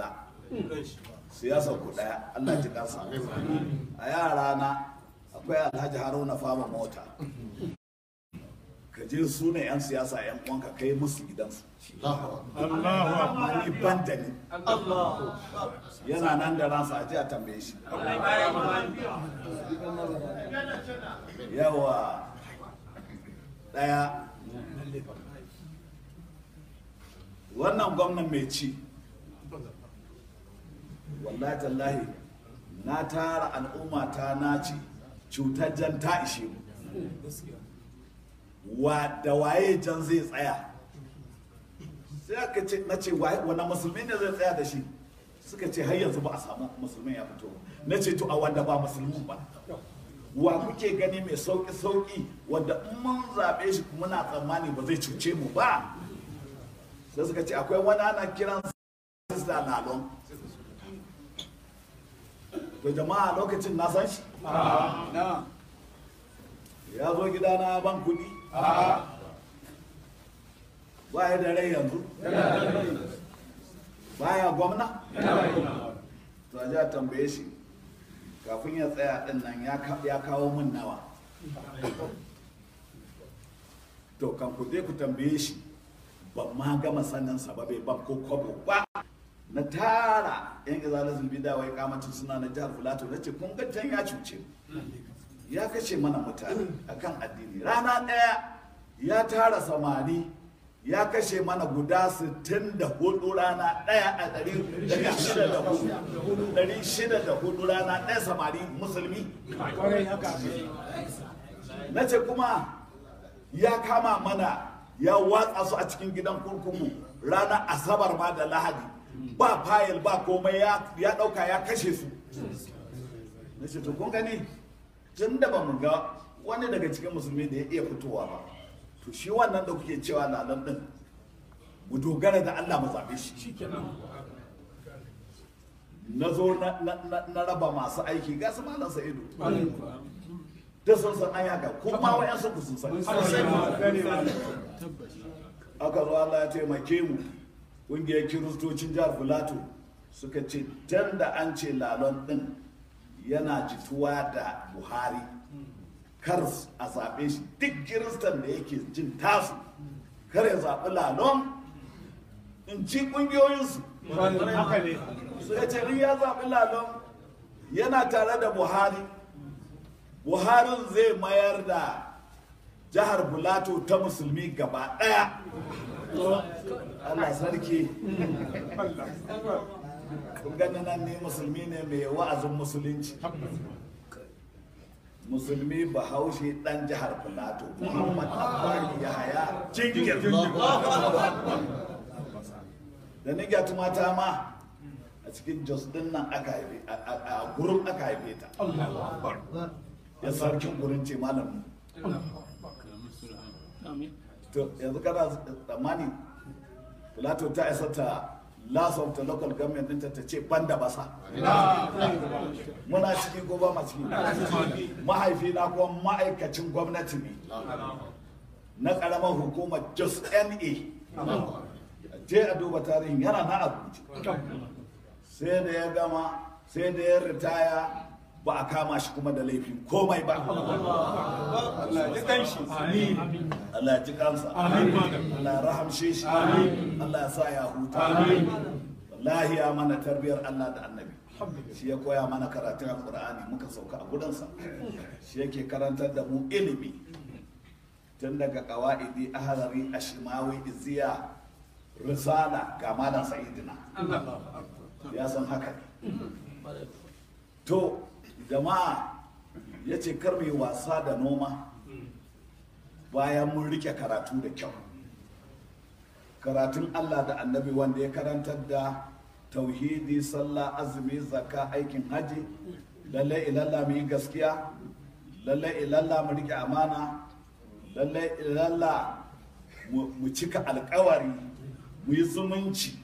ala siyasa ku daya Allah ji kansa a yara na akwai Alhaji Haruna Fama mota kaje je su ne yan siyasa yan uwanka kai musu gidansu Allahu ban da Allahu yana nan da ransa a ji a tambaye shi yawa daya wannan gwamnan mai ci wallahi tallahi na tara al'umma ta naci cutar jan ta ishe mu wa da waye jan zai tsaya sai aka ce na ce wani musulmi ne zai tsaya da shi suka ce har yanzu ba a samu musulmi ya fito na ce to a wanda ba musulmin ba wa kuke gani mai sauki sauki wanda in mun zaɓe shi muna tsammani ba zai cuce mu ba sai suka ce akwai wani ana kiran sista lalon to jama'a lokacin na san shi ya zo gida na ban kudi ba ya da rai yanzu ba ya gwamna to ya tambaye shi kafin ya tsaya din nan ya kawo min nawa to kan ku ku tambaye shi ban ma gama sanin sababe ba ban ko kwabo ba na tara yan izalazin bida wai kamacin suna na jihar filato na ce kun gajen ya cuce ya kashe mana mutane akan addini rana ɗaya ya tara samani ya kashe mana guda 64 rana ɗaya a hudu rana ɗaya samari musulmi na ce kuma ya kama mana ya watsa su a cikin gidan kurkunmu rana asabar ma da lahadi ba fayil ba komai ya dauka ya kashe su na ce to kun gani tun da ba mu ga wani daga cikin musulmi da ya iya fitowa ba to shi wannan da kuke cewa lalan din mu dogara da Allah mu zabe shi na zo na raba masu aiki ga su malam sa'idu da sun san an yaka kuma wayan su sun san aka zo Allah ya taimake mu ƙungiyar kiristocin jihar filato suka ce dan da an ce lalon ɗin yana jituwa da buhari kar a zaɓe shi duk kiristan da yake jin tasu kar ya zaɓi lalon in ci ƙungiyoyinsu su ya ce ya zaɓi lalon yana tare da buhari buharin zai mayar da jihar bulato ta musulmi gaba ɗaya Allah sarki kun gani nan ne musulmi ne mai wa'azin musulunci musulmi bahaushe dan jihar filato muhammad abbali ya haya jingir da niga tumata ma a cikin jos din nan aka haife a gurin aka haife ta ya sarkin gurin ce malamu to yanzu kana tsammani plato ta isa ta last of the local government ɗinta ta ce ban da basa muna ciki ko ba ma ciki mahaifi na kuma ma'aikacin gwamnati ne na ƙaramar hukumar just na je a duba tarihin yana na abinci. sai da ya gama sai da ya ritaya ba a kama shi kuma da laifin komai ba Allah ji amin Allah ji kansa amin Allah rahamshe shi amin Allah ya sa ya huta amin wallahi ya mana tarbiyar Allah da annabi shi ya koya mana karatun alqur'ani muka sauka a gudansa shi yake karantar da mu ilimi tun daga qawaidi ahlari ashmawi iziya risala ga malam sa'idina ya san haka to jama'a ya ce kar mai wasa da noma bayan mun rike karatu da kyau karatun allah da annabi wanda ya karantar da tauhidi sallah azumi zakka aikin hajji, lallai ilalla mu yi gaskiya lallai ilalla mu rike amana lallai ilalla mu cika alkawari mu yi zumunci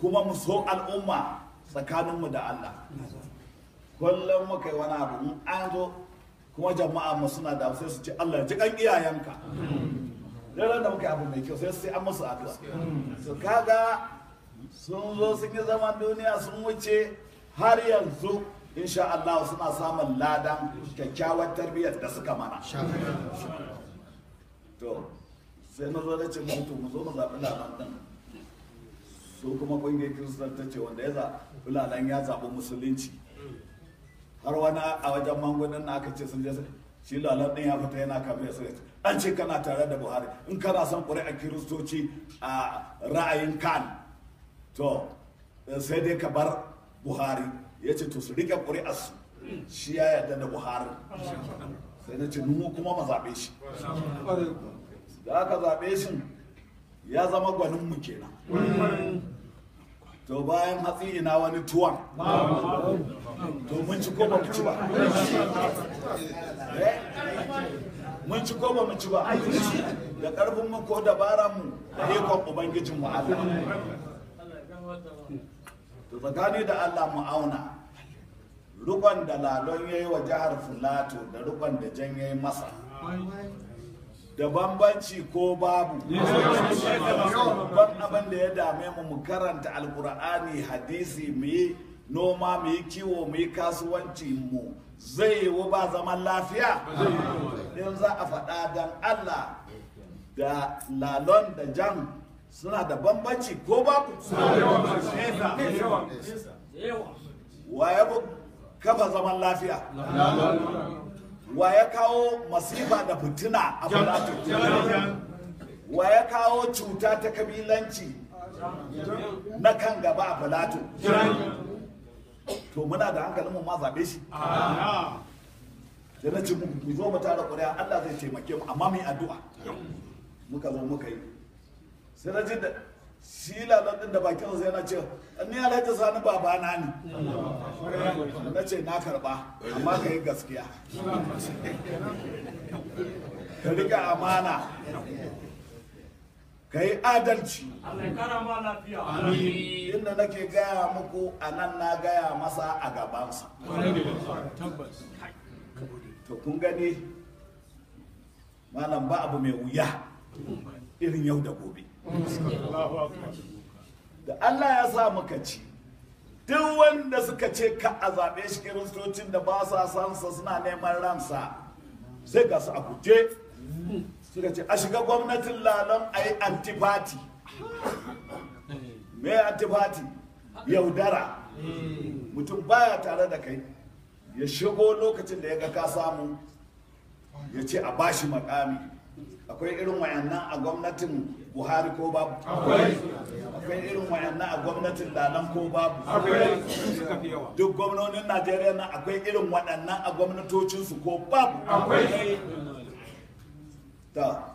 kuma mu so al'umma tsakaninmu da allah kullum muka yi wani abu in an zo kuma jama'a mu suna da sai su ce Allah ji kan iyayenka ranar da muka yi abu mai kyau sai sai an musu addu'a su kaga sun zo sun yi zaman duniya sun wuce har yanzu insha Allah suna samun ladan kyakkyawar tarbiyyar da suka mana to sai na zo na ce mutu mu zo mu zaɓi ladan ɗin su kuma ƙungiyar kiristan ta ce wanda ya zaɓi ladan ya zaɓi musulunci har wani a wajen mangunan na aka ce sun je shi lalan ya fita yana kafin ya sai an ce kana tare da buhari in kana son kuri'a kiristoci a ra'ayin kan to sai dai ka bar buhari ya ce to su riƙe su shi ya yarda da buhari sai na ce numu kuma ma zaɓe shi da aka zaɓe shi ya zama gwanin mu kenan to bayan hatsi ina wani tuwon to mun ci ko mu ci ba eh? mun ci ko mu ci ba da karfin mu ko dabaran mu da ikon ubangijin mu Allah to tsakani da Allah mu auna rukon da lalon yayi wa jihar Filato da rukon da jan yayi masa da bambanci ko babu abin da ya dame mu mu karanta alkur'ani hadisi mu yi noma mu yi kiwo mu yi kasuwanci mu zai wu ba zaman lafiya in za a faɗa don allah da lalon da jam suna da bambanci ko babu wa ya kafa zaman lafiya wa ya kawo masifa da fitina a wa ya kawo cuta ta kabilanci na kan gaba a falatu to muna da hankalin mu ma zaɓe shi ah, ah. da na ci mu zo mu tara ƙuri'a Allah zai taimake mu amma mu yi addu'a muka zo muka yi sai na shi lalatin da bakin sai na ce ni alhaji sani baba na ne na ce na karba amma ka yi gaskiya ka rika amana ka yi adalci inda nake gaya muku a nan na gaya masa a gabansa to kun gani malam ba abu mai wuya irin yau da gobe da Allah ya sa muka ci duk wanda suka ce ka a zaɓe shi kiristocin da ba sa sansa suna neman ransa sai ga su a guje suka ce a shiga gwamnatin lalon a yi antifati me antifati yaudara mutum baya tare da kai ya shigo lokacin da ya ga ka samu ya ce a bashi makami akwai irin wayannan a gwamnatin buhari ko babu akwai irin wayannan a gwamnatin danan ko babu duk gwamnonin najeriya na akwai irin waɗannan a gwamnatocinsu ko babu ta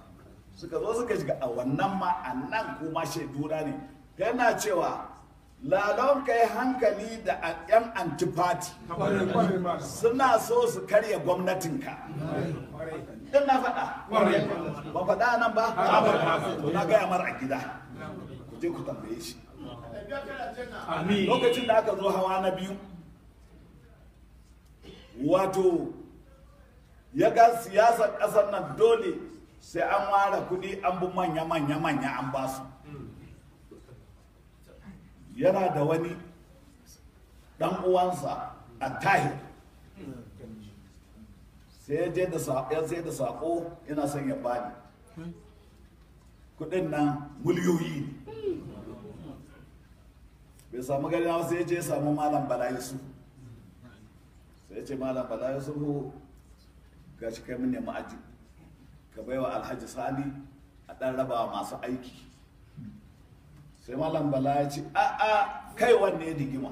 suka zo suka shiga a wannan ma a nan kuma shaidura ne yana cewa lalon kai hankali da yan antipati suna so su karya gwamnatinka don na faɗa ba faɗa nan ba to na gaya mara a gida ku je ku tambaye shi lokacin da aka zo hawa na biyu wato ya ga siyasar ƙasar nan dole sai an ware kuɗi an bi manya manya manya an ba su yana da wani ɗan uwansa a tahir sai ya je da ya sai da saƙo yana son ya bani kudin nan miliyoyi bai samu gari na sai ya je samu malam bala yusuf sai ya ce malam bala yusuf ga shi kai mini ma'aji aji ka baiwa alhaji sani a dan raba masu aiki sai malam bala ya ce a'a kai wanne digima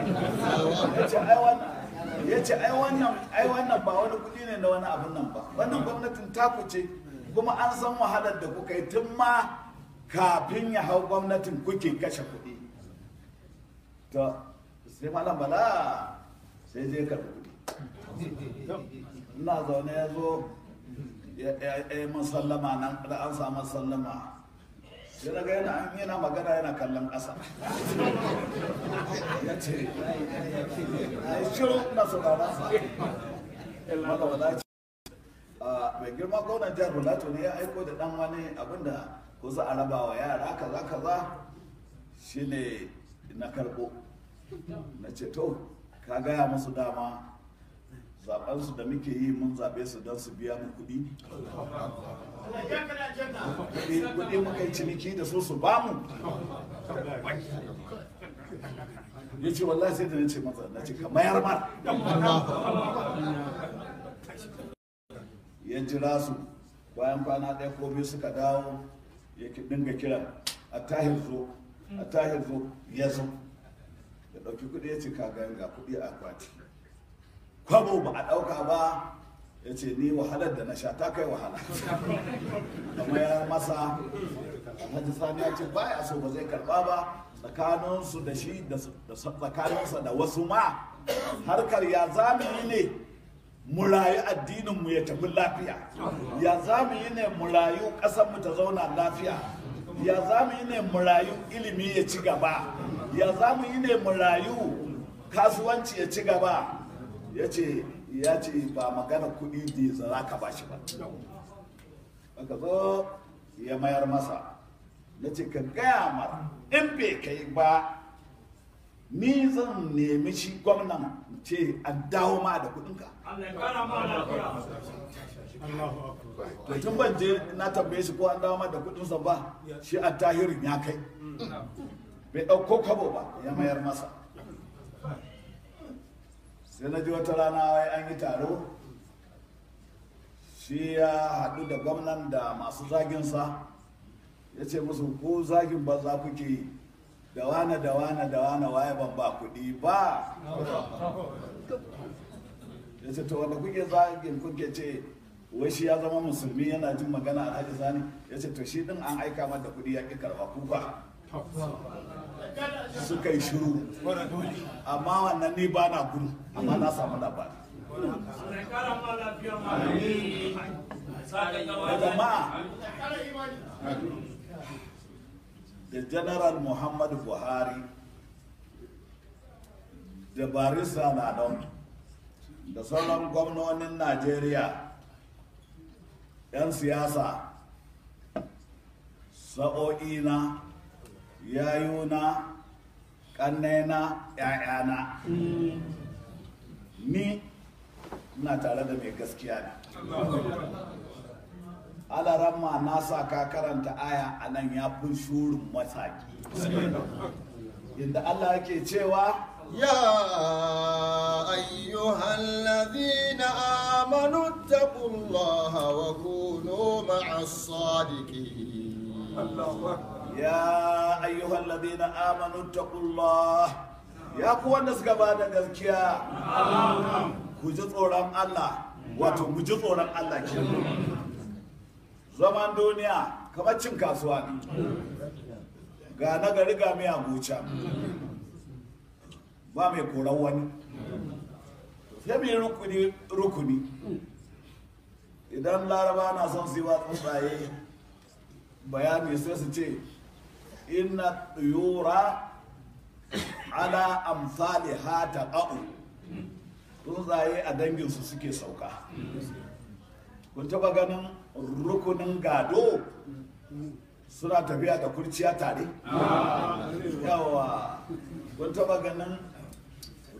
ya ce ai wannan ya ce ai wannan ba wani kudi ne na wani abun nan ba wannan gwamnatin taku ce kuma an san wahalar da kuka yi tun ma kafin ya hau gwamnatin kuke kashe kudi to sai malam bala sai zai karɓi kuɗi ina zaune ya zo ya yi masallama nan da an samu sallama sai daga yana yana magana yana kallon ƙasa ya ce a yi shiru na saurara mai girma gwamnan jihar bulato ne ya aiko da dan wani abinda ko za a raba wa yara kaza kaza shine na karbo na ce to ka gaya musu dama zaɓansu da muke yi mun zaɓe su don su biya mu kuɗi kuɗi muka ciniki da su su bamu ya ce wallahi sai da na ce masa na ce ka mayar mar ya jira su bayan kwana ɗaya ko biyu suka dawo ya dinga kira a tahir zo a tahir zo ya zo ya ɗauki kuɗi ya ce ka ga kuɗi a kwati kwabo ba a ɗauka ba ya ce ni wahalar da na sha ta kai wahala amma ya masa alhaji sani ya ce baya so ba zai karba ba tsakaninsu da shi da tsakaninsa da wasu ma harkar ya zamani ne mu rayu addininmu ya tafi lafiya ya zamani ne mu rayu ta zauna lafiya ya zamani ne mu rayu ilimi ya ci gaba ya zamani ne mu rayu kasuwanci ya ci gaba ya ce ya ce ba magana kuɗi da za ka ba shi ba aka zo ya mayar masa na ce ka gaya mara in bai kai ba ni zan nemi shi gwamnan ce an dawo ma da kuɗinka to tun ban je na tambaye shi ko an dawo ma da sa ba shi a tahirin ya kai mm. bai ɗauko kwabo ba ya mayar masa sai na ji wata rana wai an yi taro shi ya haɗu da gwamnan da masu zaginsa ya ce musu ko zagin ba za kuke yi da wane da wane da wane waye ban ba kuɗi ba ya ce to wanda kuke zagin kuke ce wai shi ya zama musulmi yana jin magana a alhaji sani ya ce to shi din an aika mada kuɗi ya ƙi karɓa kuka suka yi shiru amma wannan ne ba na gudu amma na samu labari da general muhammadu buhari da barista na don da sauran gwamnonin najeriya 'yan siyasa sa'o'i na yayuna ƙannena, ‘ya'yana mm. ni ina tare da mai gaskiya ne ma na sa ka karanta aya a ya fi shurin matsaki inda Allah ke cewa ya ayyuhal ladina amanu taqullaha wa kunu ma'as sadiqin Allahu يا أيها الذين آمنوا اتقوا الله يا قوانا سكبانا نذكيا كجت أورام الله واتو مجت أورام الله zaman duniya kamar cin kasuwa ne ga nagari ga mai abuca ba mai koran wani sai mai rukuni rukuni idan laraba na son su yi wa tsuntsaye bayani sai su ce inna tsiyura ala amsali hata ƙa'u tsuntsaye a danginsu suke sauka kun taɓa ganin rukunin gado suna tafiya da kurciya tare yawa kun taɓa ganin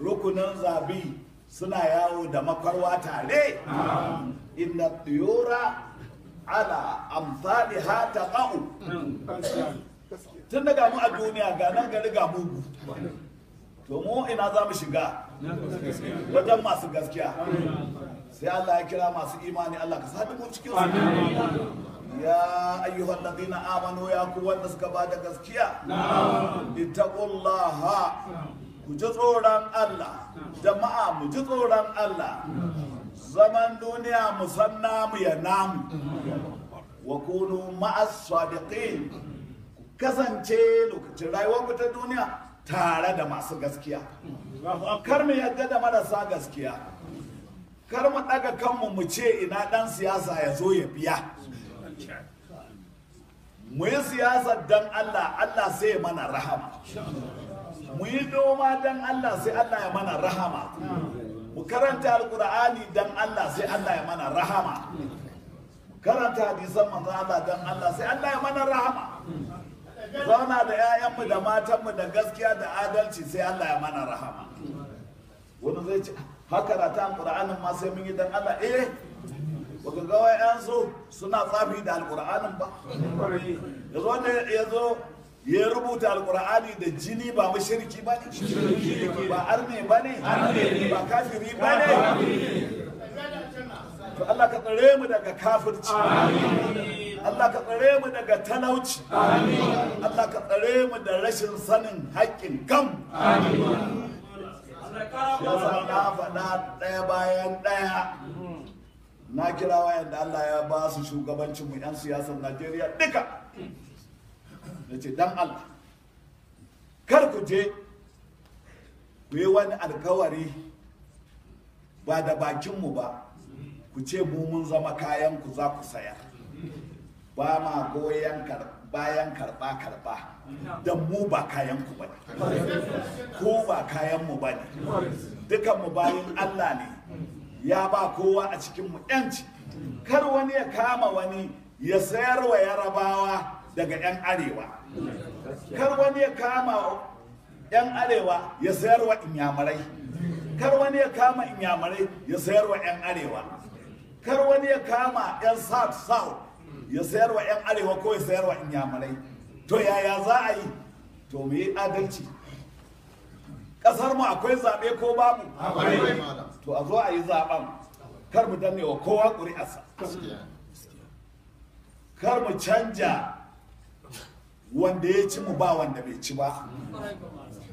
rukunin zabi suna yawo da makwarwa tare inna tsiyura ala amsali hata ƙa'u tun da gamu a duniya ga nan gari ga mugu to mu ina za mu shiga wajen masu gaskiya sai Allah ya kira masu imani Allah ka sadu mu cikin su ya ayyuhan ladina amanu ya ku wanda suka ba da gaskiya ittaqullaha ku ji tsoron Allah jama'a mu ji tsoron Allah zaman duniya mu san namu ya namu wa kunu ma'as sadiqin kasance lokacin rayuwarku ta duniya tare da masu gaskiya kar mu yadda da marasa gaskiya kar mu ɗaga kanmu mu ce ina ɗan siyasa ya zo ya biya mu yi siyasa dan allah allah sai ya mana rahama mu yi noma dan allah sai allah ya mana rahama mu karanta alkur'ani dan allah sai allah ya mana rahama karanta hadisan manzo allah dan allah sai allah ya mana rahama zauna da 'ya'yanmu da matanmu da gaskiya da adalci sai Allah ya mana rahama wani zai ce haka da ta alƙur'anin ma sai mun yi dan Allah eh baka ga wayansu suna tsafi da alƙur'anin ba yazo ne yazo ya rubuta alƙur'ani da jini ba mashirki ba ne ba arne ba ne ba kafiri ba ne to Allah ka tsare mu daga kafirci Allah ka tsare mu daga talauci Allah ka tsare mu da rashin sanin haƙƙin gam Ya na faɗa ɗaya bayan ɗaya na kira wayan da Allah ya ba su shugabancin mu 'yan siyasar Najeriya duka na ce dan Allah kar ku je ku yi wani alkawari ba da bakinmu ba ku ce mu mun zama kayan ku za ku sayar ba ma goyon bayan karba karba don mu ba kayan ku ba ko ba kayan mu ba ne dukan mu bayan Allah ne ya ba kowa a cikin mu yanci kar wani ya kama wani ya sayar wa yarabawa daga yan arewa kar wani ya kama yan arewa ya sayar wa inyamurai kar wani ya kama inyamurai ya sayar wa yan arewa kar wani ya kama yan south south ya sayarwa yan arewa ko ya sayarwa inyamurai to yaya za a yi to mu yi adalci kasar mu akwai zabe ko babu to a zo a yi zaɓen kar mu danne wa kowa ƙuri'arsa kar mu canja wanda ya ci mu ba wanda bai ci ba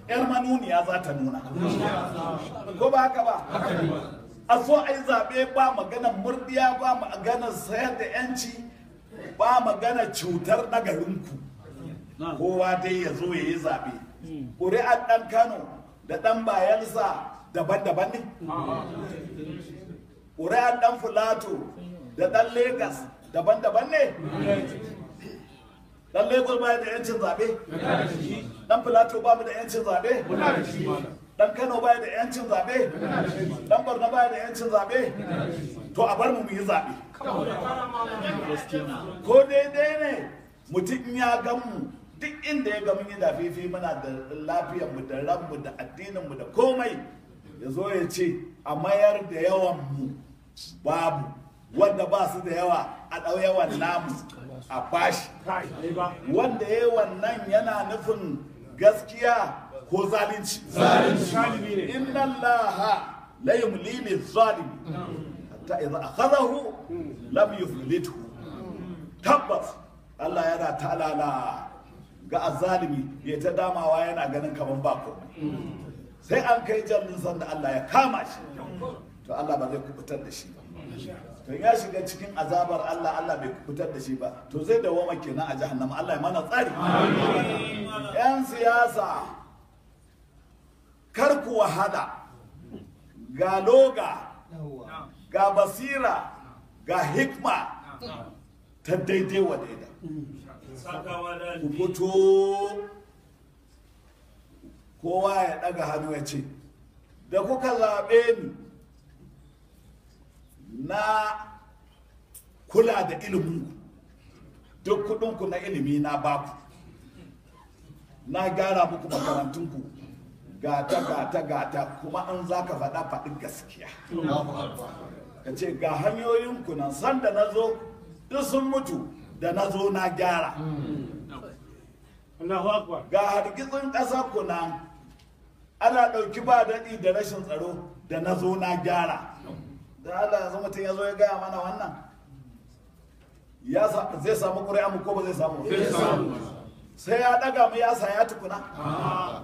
yan manuniya za ta nuna ko ba haka ba a so a yi zaɓe ba magana murdiya ba magana sayar da yanci ba magana cutar nagarinku kowa dai ya zo ya yi zaɓe ƙuri'ar ɗan kano da ɗan bayansa daban-daban ne ƙuri'ar ɗan fulato da ɗan Legas daban-daban ne ɗan Legas ba da yancin zaɓe ɗan fulato ba mu da yancin zaɓe dan Kano baya da yancin zabe dan Borno baya da yancin zabe to a bar mu mu yi zabe ko daidai ne mutum ya gan mu duk inda ya ga mun yi dafifi muna da lafiyar mu da ran da addinin mu da komai ya zo ya ce a mayar da yawan mu babu wanda ba su da yawa a ɗau yawan namu a bashi wanda yawan nan yana nufin gaskiya ko zalunci zalunci inna allaha la yumli lil zalimi hatta akhadahu lam tabbas Allah yana talala ga azalimi ya ta damawa yana ganin kamar ba sai an kai jannin sanda Allah ya kama shi to Allah ba zai kubutar da shi ba to ya shiga cikin azabar Allah Allah bai kubutar da shi ba to zai dawoma kenan a jahannama Allah ya mana tsari yan siyasa kar ku wahala ga loga ga basira ga hikma ta daidai wa daida fito kowa ya daga hannu ya ce da kuka zaɓe ni na kula da ilimin duk kudinku na ilimi na baku na gyara muku makarantunku gata gata gata kuma an za ka faɗa faɗin gaskiya ka ce ga hanyoyin ku nan san da na zo duk sun mutu da na zo na gyara ga hargitsin ƙasa ku nan ana ɗauki ba daɗi da rashin tsaro da na zo na gyara da Allah yanzu mutum ya zo ya gaya mana wannan ya zai samu ƙuri'a mu ko ba zai samu sai ya daga mu ya saya tukuna ah.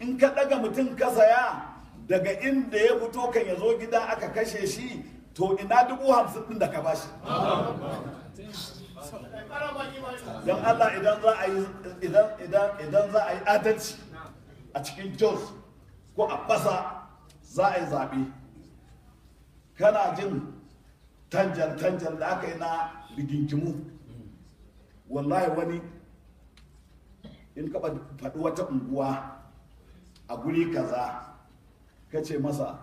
in ka daga mutum ka saya daga inda ya fito kan ya zo gida aka kashe shi to ina dubu hamsin din da ka bashi don Allah idan za a yi idan idan idan za a yi adalci a cikin jos ko a basa za a yi zaɓe kana jin tanjar tanjar da aka yi na rigingimu wallahi wani in ka faɗi wata unguwa a guri kaza ka ce masa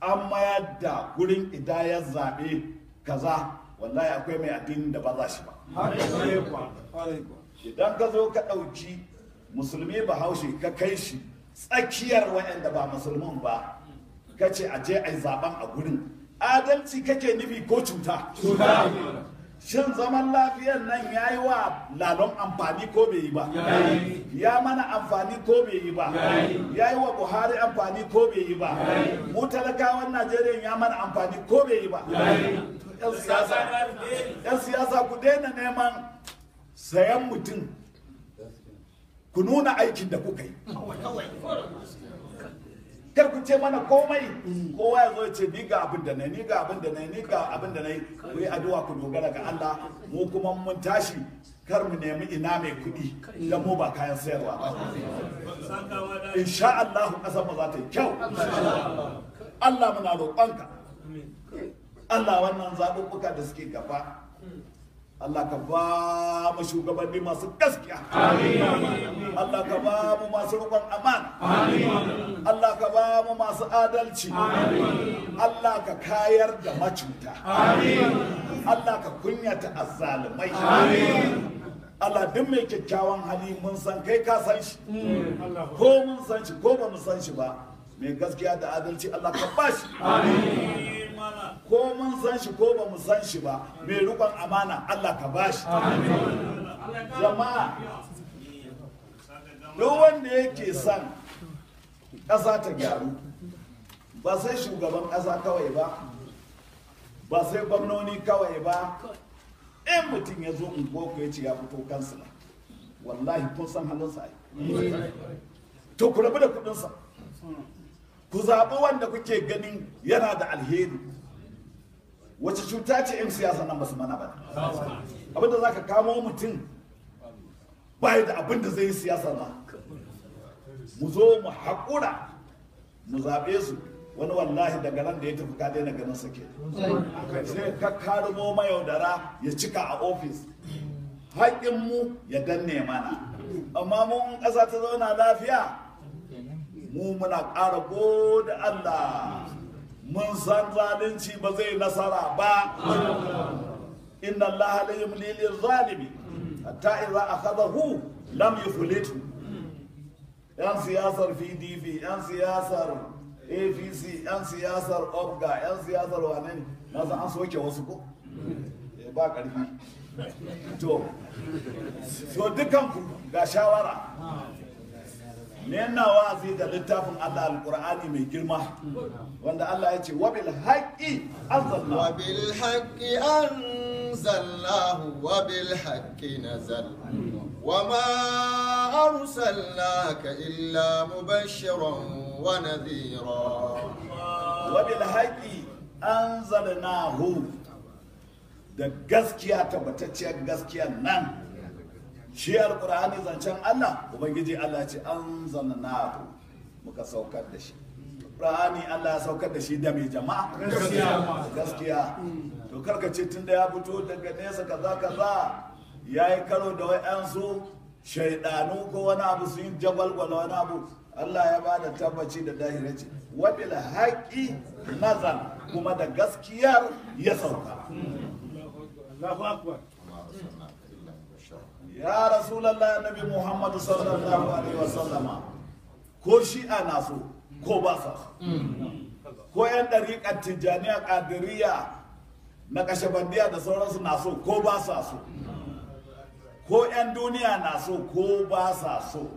an mayar da gurin idayar zaɓe kaza wallahi akwai mai addinin da ba za shi ba idan ka zo ka ɗauki musulmi bahaushe ka kai shi tsakiyar wa'anda ba musulmin ba ka ce a je a yi zaɓen a gurin adalci kake nufi ko cuta shin zaman lafiyar nan ya yi wa lalon amfani ko bai yi ba ya mana amfani ko bai yi ba ya yi wa buhari amfani ko bai yi ba mu talakawan najeriya ya mana amfani ko bai yi ba yan siyasa ku daina neman sayan mutum ku nuna aikin da kuka yi kar ku ce mana komai mm. kowa ya zo ce ni ga abin da na ni ga abin da na ni ga abin da na ku yi addu'a ku dogara ga Allah mu kuma mun tashi kar mu nemi ina mai kuɗi da mu ba kayan sayarwa ba insha Allah kasar mu za ta yi kyau Allah muna roƙonka Allah wannan zaɓuɓɓuka da suke gaba Allah ka ba mu shugabanni masu gaskiya. Allah ka ba mu masu rukun aman. Allah ka ba mu masu adalci. Allah ka kayar da macuta. Allah ka kunyata azzalumai. Allah duk mai kyakkyawan hali mun san kai ka san shi. Mm. Ko mun san shi ko ba mu san shi ba. Mai gaskiya da adalci Allah ka ba shi. Amin. ko mun san shi ko ba mu san shi ba mai rikon amana Allah ka ba shi jama'a duk wanda yake son ƙasa ta gyaru ba sai shugaban ƙasa kawai ba ba sai gwamnoni kawai ba in mutum ya zo unguwarku ya ce ya fito ba. wallahi kun san halinsa yi to ku rabu da kudinsa ku zaɓi wanda kuke ganin yana da alheri wacce cuta ce 'yan siyasa nan basu mana ba abinda zaka kamo mutum bai da abinda zai yi siyasa ba mu zo mu haƙura mu zaɓe su wani wallahi daga nan da ya tafi ka daina ganin sa ke sai ka karmo mayaudara ya cika a ofis haƙƙin mu ya danne mana amma mun ƙasa ta zauna lafiya mu muna ƙara da Allah mun san zalunci ba zai nasara ba inna allaha la yumli lil zalimi hatta idza akhadahu lam yuflitu yan siyasar pdp yan siyasar apc yan siyasar obga yan siyasar wane na san an soke wasu ko eh, ba karfi to so dukanku ga shawara ne yana wa'azi da littafin Allah alqur'ani mai girma wanda Allah ya ce wabil haqqi anzalna wabil haqqi anzalnahu wabil haqqi nazal illa أرسلناك wa مبشرا ونذيرا وبالحق أنزلناه da gaskiya tabbatacciyar gaskiya nan shi alkur'ani zancen Allah ubangiji Allah ce an zanna muka saukar da shi alkur'ani Allah ya saukar da shi da mai jama'a gaskiya gaskiya to karka ce tun da ya fito daga nesa kaza kaza ya yi karo da wayansu shaidanu ko wani abu sun yi jagwalgwala wani abu Allah ya ba da tabbaci da dahiraci wabil haƙi nazar kuma da gaskiyar ya sauka ya rasulallah annabi muhammadu sallallahu alaihi wasallama ko shi'a na so ko ba sa ko yan ɗariƙar tijjaniya ƙadiriya na bandiya da sauransu na so ko ba sa so ko yan duniya na so ko ba sa so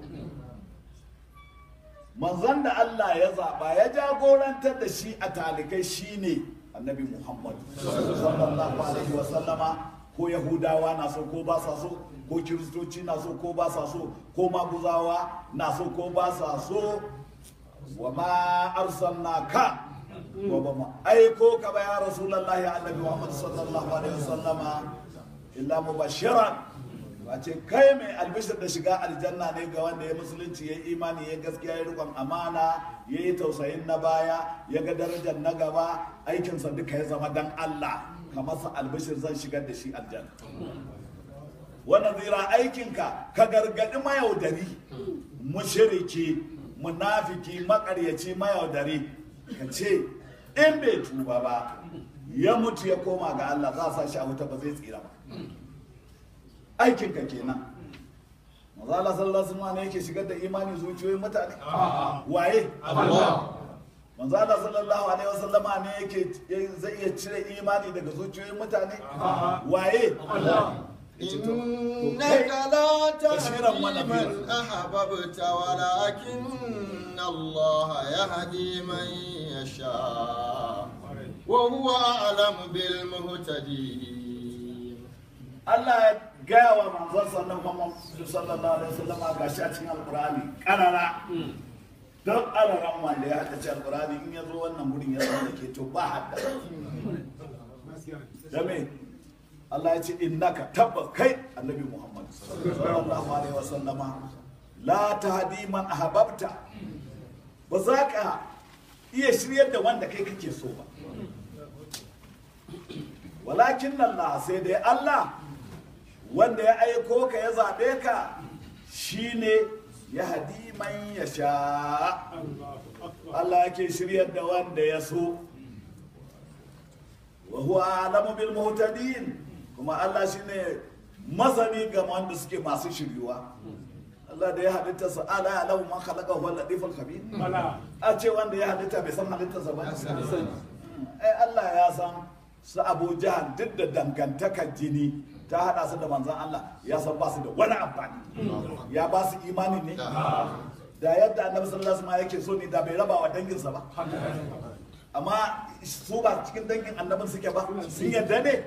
manzon da Allah ya zaɓa ya jagorantar da shi a talikai shine annabi Muhammad sallallahu alaihi wasallama ko yahudawa na so ko ba sa so ko kiristoci na so ko ba sa so ko maguzawa na so ko ba sa so wa ma arsalna ka wa ba ma aiko ka ba ya rasulullahi annabi muhammad sallallahu alaihi sallama illa mubashiran wace kai mai albishir da shiga aljanna ne ga wanda ya musulunci ya imani ya gaskiya ya rikon amana ya yi tausayin na baya ya ga darajar na gaba aikinsa duka ya zama dan Allah ka masa albishir zan shigar da shi aljanna Wani zira aikinka ka gargaɗi mayaudari mushiriki munafiki makaryaci mayaudari ka ce in bai tuba ba ya mutu ya koma ga Allah za sa shi a wuta ba zai tsira ba aikinka kenan maza Allah sallallahu alaihi wasallam yake shigar da imani zuciyoyin mutane waye manzo Allah sallallahu alaihi wasallama ne yake zai iya cire imani daga zuciyoyin mutane waye Allah إنك لا تهدي من أحببت ولكن الله يهدي من يشاء وهو أعلم gaya wa manzon sallallahu alaihi wasallam ga shi a cikin alqur'ani karara hmm. don araran wanda ya hada ci alqur'ani in ya zo wannan gurin ya zama da ke to ba hadda hmm. da me Allah ya ce innaka tabbas kai annabi Muhammad sallallahu alaihi wasallama la tahdi man ahbabta ba za ka iya shiryar da wanda kai kake so ba walakin Allah sai dai Allah wanda ya aiko ka ya zabe ka shine ya hadi man ya sha Allah yake shiryar da wanda ya so wa huwa alamu bil muhtadin kuma Allah shine masani ga wanda suke masu shiryuwa Allah da ya halitta sa ala ya lau ma khalaqa huwa latiful khabir a ce wanda ya halitta bai san halitta sa ba ai Allah ya san su Abu Jahal duk da dangantaka jini ta hada su da manzon Allah ya san ba su da wani amfani ya ba su imani ne da yadda annabi sallallahu alaihi wasallam yake so ne da bai raba wa danginsa ba amma su ba cikin dangin annabin suke ba sun yadda ne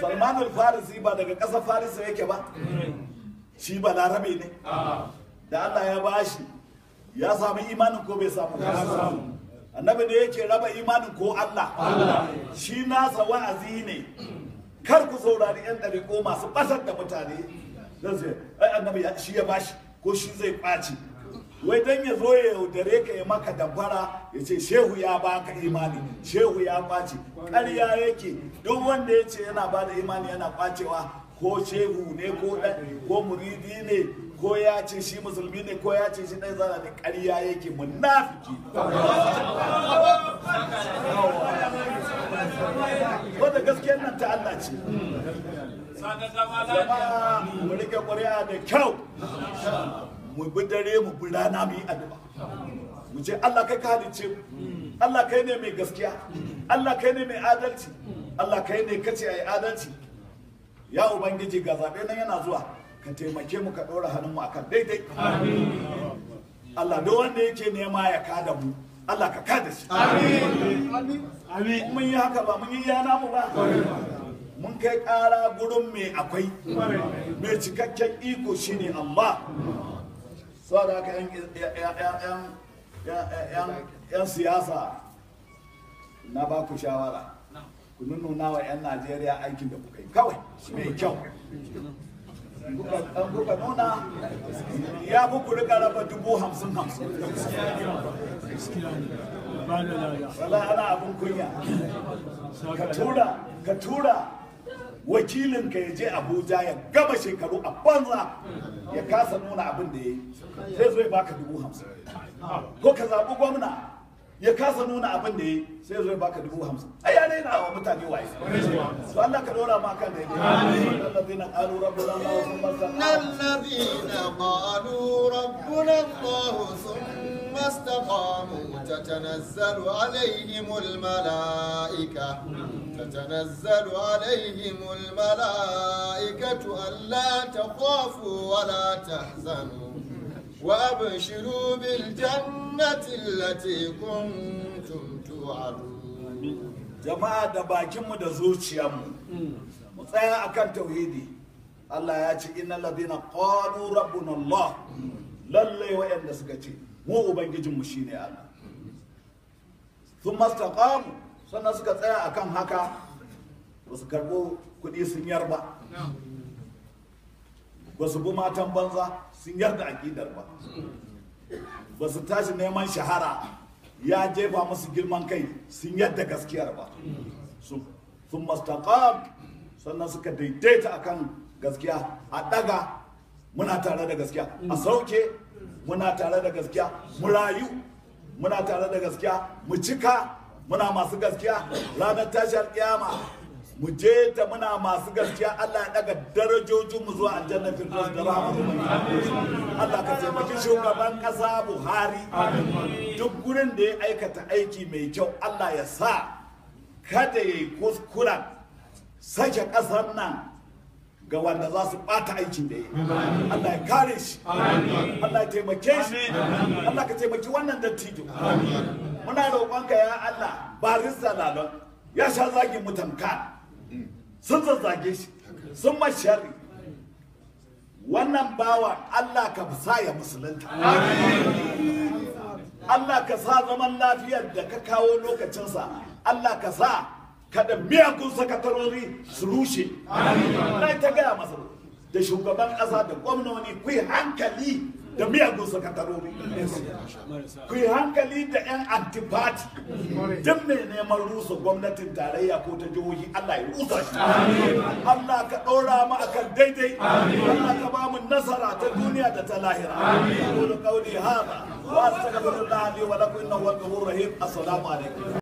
salman al-farisi ba daga ƙasar farisa yake ba shi ba larabe ne da allah ya bashi ya samu imanin ko bai samu annabi ne yake raba imanin ko allah shi nasa wa'azi ne kar ku saurari yan ko masu ɓasar da mutane zan sai ai annabi shi ya bashi ko shi zai ɓaci wai dan ya zo ya yaudare ka ya maka dabara ya ce shehu ya baka imani shehu ya kwace ƙarya yake duk wanda ya ce yana bada imani yana kwacewa ko shehu ne ko dan ko muridi ne ko ya ce shi musulmi ne ko ya ce shi dan zana da ƙarya yake munafiki wanda gaskiyar nan ta Allah ce zama mu rike ƙuri'a da kyau mu bi dare mu bi rana mu yi addu'a mu ce Allah kai ka halicce mu Allah kai ne mai gaskiya Allah kai ne mai adalci Allah kai ne kace ai adalci ya ubangiji ga zabe nan yana zuwa ka taimake mu ka ɗora hannun mu akan daidai Allah duk wanda yake nema ya kada mu Allah ka kada shi amin amin mun yi haka ba mun yi yana mu ba mun kai ƙara gurin mai akwai mai cikakken iko shine amma. saboda haka yan siyasa na ba ku shawara ku nuna wa 'yan najeriya aikin da kuka yi kawai mai kyau kuka eh, nuna ya kuku rika raba dubu hamsin hamsin wala ana abin kunya ka tura ka tura wakilin ka ya je abuja ya gama shekaru a banza ya kasa nuna abin da ya yi sai zo ya baka dubu hamsin ko ka zaɓi gwamna ya kasa nuna abin da ya yi sai zo ya baka dubu hamsin ai ya daina wa mutane waye su Allah ka dora kan da ya yake allazina qalu rabbuna allah thumma istaqamu allazina qalu rabbuna allah thumma ثم استقاموا تتنزل عليهم الملائكة تتنزل عليهم الملائكة ألا تخافوا ولا تحزنوا وأبشروا بالجنة التي كنتم توعدون جماعة دباجم دزوشيام مطايا أكان توحيدي الله يأتي إن الذين قالوا ربنا الله للي وإن سكتين mu ubangijinmu shi ne Allah sun mastaqamu sannan suka tsaya akan haka ba su karɓo kuɗi sun yarba ba ba su bi matan banza sun yarda aƙidar ba ba su tashi neman shahara ya jefa musu girman kai sun yadda gaskiyar ba sun mastaqam sannan suka daidaita akan gaskiya a ɗaga muna tare da gaskiya a sauke muna tare da gaskiya mu rayu muna tare da gaskiya mu cika muna masu gaskiya ranar tashar kiyama mu je ta muna masu gaskiya Allah ya daga darajojin mu zuwa aljanna firdaus da rahmatu Allah ka taimaki shugaban kasa Buhari duk gurin da ya aikata aiki mai kyau Allah ya sa kada ya yi kuskuren sake kasar nan ga wanda za su bata aikin da ya. Allah ya kare shi Allah ya taimake shi Allah ka taimaki wannan dattijo muna roƙonka ya Allah ba rizza lalon ya sha zagi mutanka sun zazzage shi sun mashari wannan bawa Allah ka sa ya musulunta Allah ka sa zaman lafiyar da ka kawo lokacinsa Allah ka sa kada miyakun sakatarori su rushe na ta gaya masa da shugaban ƙasa da gwamnoni ku hankali da miyagun sakatarori ku yi hankali da 'yan antipati duk mai neman rusa gwamnatin tarayya ko ta jihohi Allah ya rusa shi Allah ka ɗora mu akan daidai Allah ka ba mu nasara ta duniya da ta lahira قول قولي هذا واستغفر الله لي ولكم انه هو الغفور الرحيم السلام عليكم